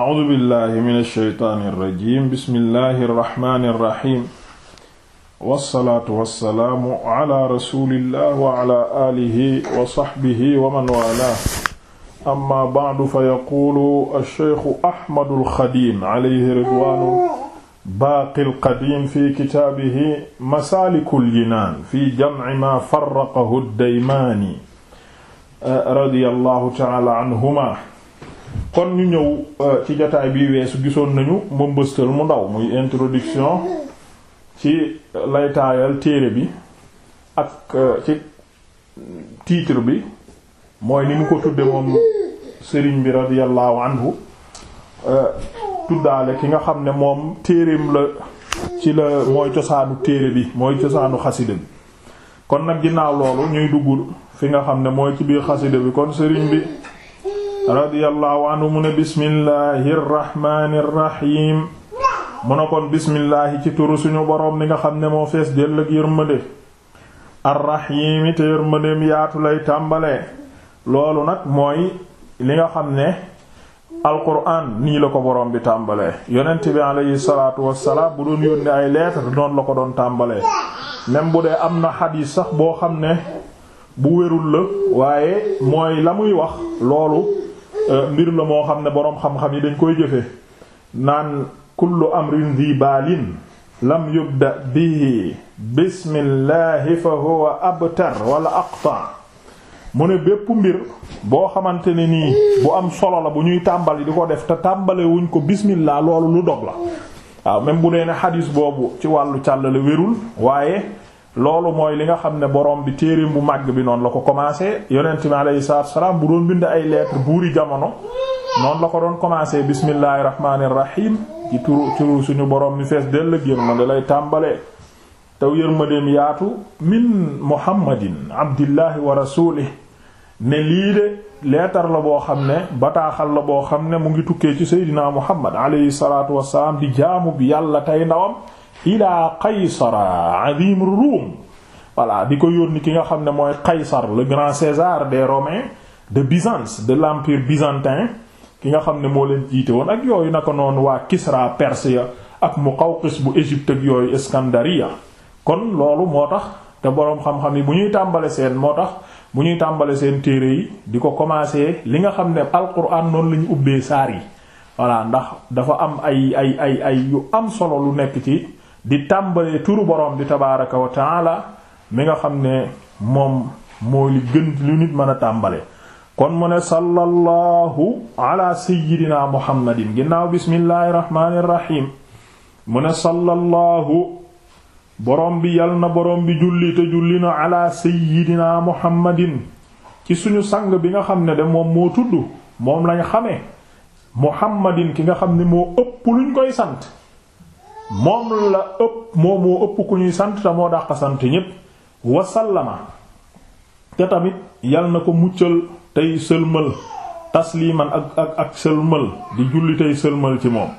أعوذ بالله من الشيطان الرجيم بسم الله الرحمن الرحيم والصلاة والسلام على رسول الله وعلى آله وصحبه ومن والاه أما بعد فيقول الشيخ أحمد الخديم عليه رضوان باقي القديم في كتابه مسالك الجنان في جمع ما فرقه الديماني رضي الله تعالى عنهما kon ñu ñëw euh, ci jataay bi weesu gisoon nañu mbëmbëstal mu ndaw muy introduction ci laytaayal téere bi ak euh, ci titre bi mooy ni mu ko tudde moom sëriñ bi radiyallahu anhu euh, tuddaale ki nga xam ne moom téereem la ci la mooy cosaanu téere bi mooy cosaanu xasida bi kon nag ginnaaw loolu ñuy dugg fi nga xam ne mooy ci biir xasida bi kon sëriñ bi radiyallahu anhu mu ne bismillahi rrahmani rrahim mu ne kon bismillaahi ci turu suñu boroom li nga xam ne moo fees dell ak yërmande arrahimi te yërmandeem yaatu lay tàmbalee loolu nag mooy li nga xam ne alquran nii la ko boroom bi tàmbalee yonent bi aleyhi salaatu wassalaam bu doon yónnee ay lettre noonu la ko doon tàmbalee même bu dee am na xadiis sax boo xam ne bu wérul la waaye mooy la muy wax loolu Euh, mbir la moo xam ne boroom xam-xam yi dañ koy jëfe naan kullu amrin dhi baalin lam yubda bihi bismillahi fa huwa abtar wala aqta mu ne bépp mbir boo xamante ne nii bu am solo la bu ñuy tàmbali di ko def te tàmbalewuñ ko bismillah loolu lu dog la waaw même bu ne xadiis boobu ci wàllu càllale wérul waaye loolu mooy li nga xam ne borom bi téereem bu màgg bi noonu la ko commencé yonent mi alayhi salaatu salaam bu doon bind ay lettre buuri jamono noonu la ko doon commencé bismillahir rahmanir rahim ci turu suñu borom mi fees dell ak yërmande lay tàmbalee taw yërmandeem yaatu min muhammadin abdillahi wa rasulih ne lii de leetar la boo xam ne bataaxal la boo xam ne mu ngi tukkee ci seydinaa muhammad alayhi salaatu wassalaam di jaamu bi yàlla tey ndawam ila qaysara azim ruum voilà di ko yónni ki nga xam ne mooy qaysar le grand César de romains de Byzance de l'empire byzantin ki nga xam ne moo leen jiite woon ak yooyu naka noonu waa Kisra Perse ak mu Muqawqis bu Égypte ak yooyu Iskandariya kon loolu moo tax te boroom xam-xam yi bu ñuy tàmbale seen moo tax bu ñuy tàmbale seen téere yi di ko commencer li nga xam ne alquran noonu la ñu ubbee saar yi voilà ndax dafa am ay ay ay ay yu am solo lu nekk ci di tàmbalee turu borom di tabaaraka wa mi nga xam ne moom mooy li gën lu nit mën a tàmbalee kon mu ne sallallahu ala sayyidina muhammadin ginnaaw bismillahir rahmanir rahim mu ne sallallahu borom bi yal na borom bi julli te julli na ala sayyidina muhammadin ci suñu sang bi nga xam ne de moom moo tudd moom lañ xamee muhammadin ki nga xam ne moo ëpp luñ koy sant moom la ëpp moom moo ëpp ku ñuy sant te moo dàq sant ñépp wasallama te tamit yal na ko muccal tey sëlmal tasliman ak ak ak sëlmal di julli tey sëlmal ci moom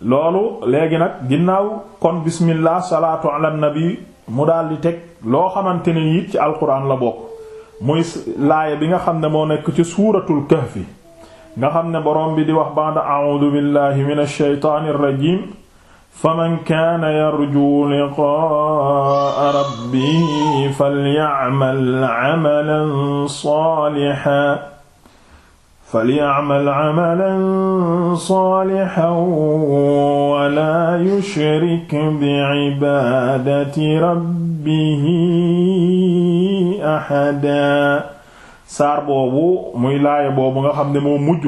loolu léegi nag ginnaaw kon bismillah salaatu ala nabi mu daal di teg loo xamante ni it ci alxuraan la bokk muy laaya bi nga xam ne moo nekk ci suuratul kahfi nga xam ne borom bi di wax ba'da a'uudu billahi minash shaytaanir rajiim faman kaana yarju liqaa'a rabbihi falya'mal 'amalan saalihan falya'mal 'amalan saalihan wa laa yushrik bi'ibaadati rabbihi ahadan saar boobu muy laaya boobu nga xam ne moo mujj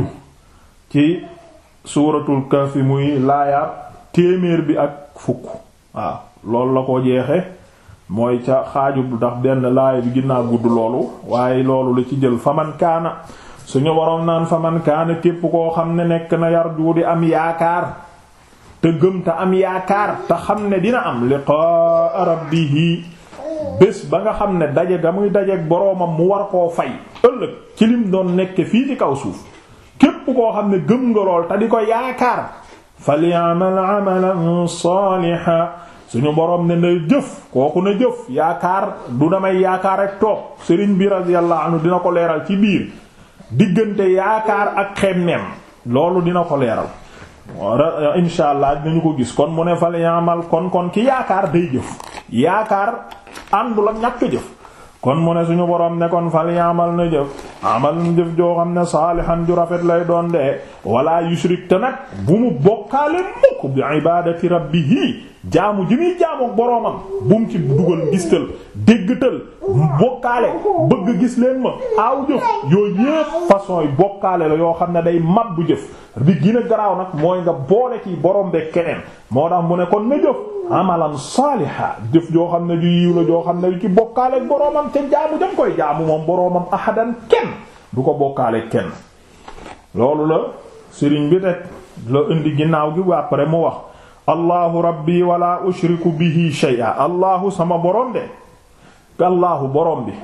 ci suuratul kahf muy laaya téeméer bi ak fukk waaw loolu la ko jeexe mooy ca xaajub ndax benn laay bi ginnaa gudd loolu waaye loolu la ci jël faman kaana suñu waroon naan faman kaana képp koo xam ne nekk na yar yarju di am yaakaar te gëm te am yaakaar te xam ne dina am arab bi rabbihi bés ba nga xam ne daje da muy dajeek boroomam mu war koo fay ëllëg ci lim doon nekk fii ci kaw suuf képp koo xam ne gëm nga lool te di ko yaakaar falyamal amalan saaliha suñu borom ne na jëf kooku na jëf yaakaar du damay yaakaar rek toog sëriñ bi radiyallahu anhu dina ko leeral ci biir diggante yaakaar ak xemmeem loolu dina ko leeral insha allah dinañu ko gis kon mu ne falyamal kon kon ki yaakaar day jëf yaakaar àndul ak ñàkk jëf kon mu ne suñu borom ne kon falyamal na jëf amalum jëf joo xam ne saalihan ju rafet lay doon de wala yushrik te nag bu mu bokkaale mukk bi ibadati rabbihi jaamu ji muy jaamu boroomam bu mu ci dugal gistal déggtal bokkaale bëgg gis leen ma aaw jëf yooyu yépp façon yi bokkaale la yoo xam ne day mat bu jëf bi gën a garaaw nag mooy nga boole ci borom be keneen moo tax mu ne kon na jëf amalan saaliha jëf joo xam ne ju yiw la joo xam ne ci bokkaale boroomam te jaamu jam koy jaamu moom boroomam ahadan kenn du ko bokkaale kenn loolu la sëriñ bi rek la indi ginnaaw gi après mu wax allahu rabbi wala ushriku bihi shay'a allahu sama borom de allahu borom bi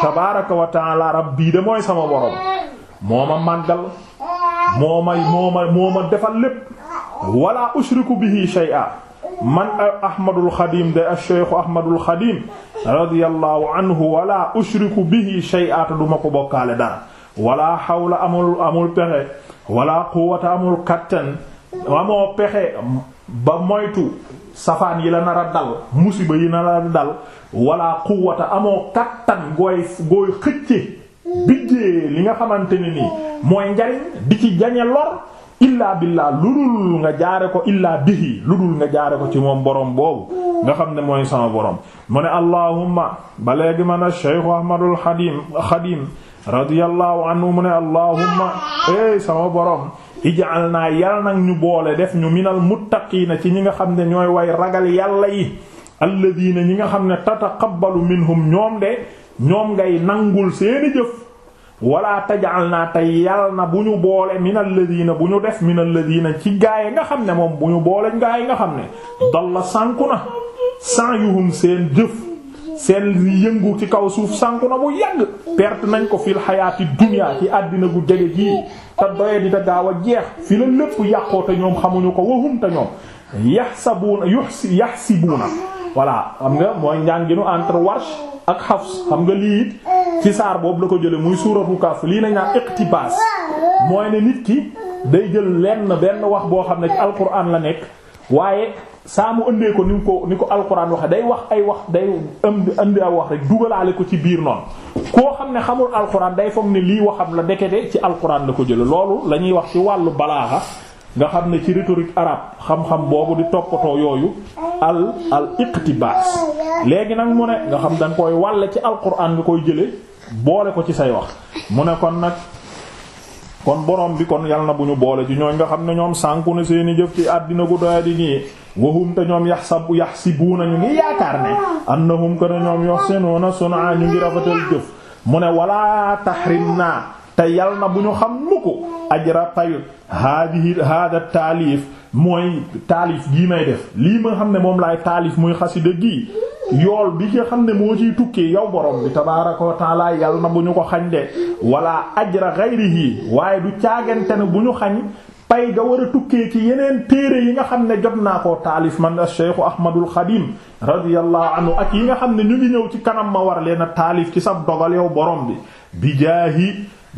tabaaraka wa taala rabbi de mooy sama borom moo ma màggal moo ma defal lépp wala ushriku bihi shay'a man ahmadul xadim de ash-shaykh ahmadul xadim radiyallahu anhu wala ushriku bihi shay'a te duma ko bokkaale dara wala hawla amul amul pexe wala quwwata amul kattan amoo pexe ba moytu safaan yi la nar a dal musiba yi nar a dal wala quwwata amoo kattan gooy xëcce bijjee li nga xamante ni nii mooy njariñ di ci jañe lor illaa billaa lu dul nga jaare ko illaa bihi lu dul nga jaare ko ci moom borom boobu nga xam ne mooy sama borom mu ne allahumma ba léegi man a cheikhu ahmadul xadim xadim radiyallahu anhu mu ne allahumma ey eh, sama borom ijaal naa yal nag ñu boole def ñu minal muttaqiina ci ñi nga xam ne ñooy way ragal yàlla yi alladiina ñi nga xam ne tataqabbalu minhum ñoom de ñoom ngay nangul seeni jëf wala tajaal naa te yal na bu ñu boole minal ladina bu ñu def minal ladina ci gaaye nga xam ne moom bu ñu boole gaaye nga xam ne dalla sànku na sa'yuhum seen jëf seen yëngu ci kaw suuf sanku na mu yàgg perte nañ ko fil xayaati dunya ci àddina bu jege jii te doye di te gaaw a jeex fi la lépp yàqoo te ñoom xamuñu ko wahum te ñoom yaxsabuuna yaxsibuuna voilà xam nga mooy njaan ginu entre warsh ak hafs xam nga lii it ci saar boobu la ko jële muy suuratu kaf lii nañ naan iqtibaas mooy ne nit ki day jël lenn benn wax boo xam ne ci alquran la nekk waaye saa mu ëndee ko ni mu ko alxuraan waxe day wax ay wax day ëmb ëndi ay wax rek dugalaale ko ci biir noonu koo xam ne xamul alxuraan day foog ne lii waxam la dekete ci alxuraan la ko jële loolu la ñuy wax ci wàllu balaaxa nga xam ne ci rhétorique arabe xam-xam boobu di toppatoo yooyu al al iqtibaas léegi nag mu ne nga xam danga koy wàlle ci alxuraan nga koy jële boole ko ci say wax mu ne kon nag kon borom bi kon yal na bu ñu boole ci ñooñ nga xam ne ñoom sànku na seeni jëf ci àddina gu doyadi wahum te ñoom yaxsabu yaxsibuuna ñu ngi yaakaar ne na ko ne ñoom yoxsinuuna sun'a ñu ngi rafetal jëf mu ne wala tahrimna te yal na bu ñu xam nu ko ajra payu haadihi hada taalif mooy taalif gii may def lii ma xam ne moom lay taalif muy xasida gii yool bi nga xam ne moo ciy tukkee yow borom bi tabaaraka wa yal na bu ñu ko xañ de wala ajra gayrihi waaye du caagante ne bu ñu xañ pay ga war a tukkee ci yeneen téere yi nga xam ne jot naa ko taalif man ash-Shaykh Ahmadul Xadim radiyallahu anhu ak yi nga xam ne ñu ngi ñëw ci kanam ma war leen a taalif ci sa dogal yow borom bi bijaahi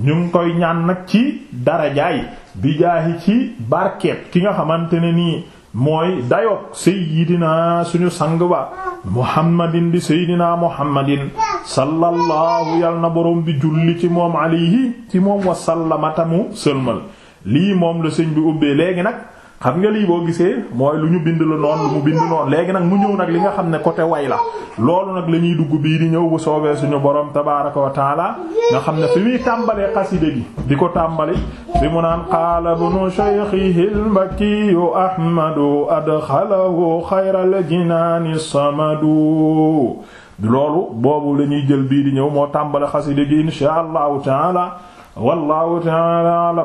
ñu ngi koy ñaan nag ci darajaay bijaahi ci barket ki nga xamante ne nii mooy dayoog sayyidina suñu sang ba muhammadin di sayyidina muhammadin sallallahu yal na borom bi julli ci moom alayhi ci moom wasallama tamu sëlmal lii moom la sëñ bi ubbee léegi nag xam nga lii boo gisee mooy lu ñu bind la noon lu mu bind noonu léegi nag mu ñëw nag li nga xam ne côté way la loolu nag la ñuy dugg bii di ñëw bu soobee suñu borom tabaaraka wa taala nga xam ne fi muy tàmbalee xasida gi di ko tàmbali fi mu naan qaala bunu shaykhihi al-bakkiyu ahmadu adxalahu xayral jinaani samadu loolu boobu la ñuy jël bii di ñëw moo tàmbali xasida gi inshaa allahu taala wallahu taala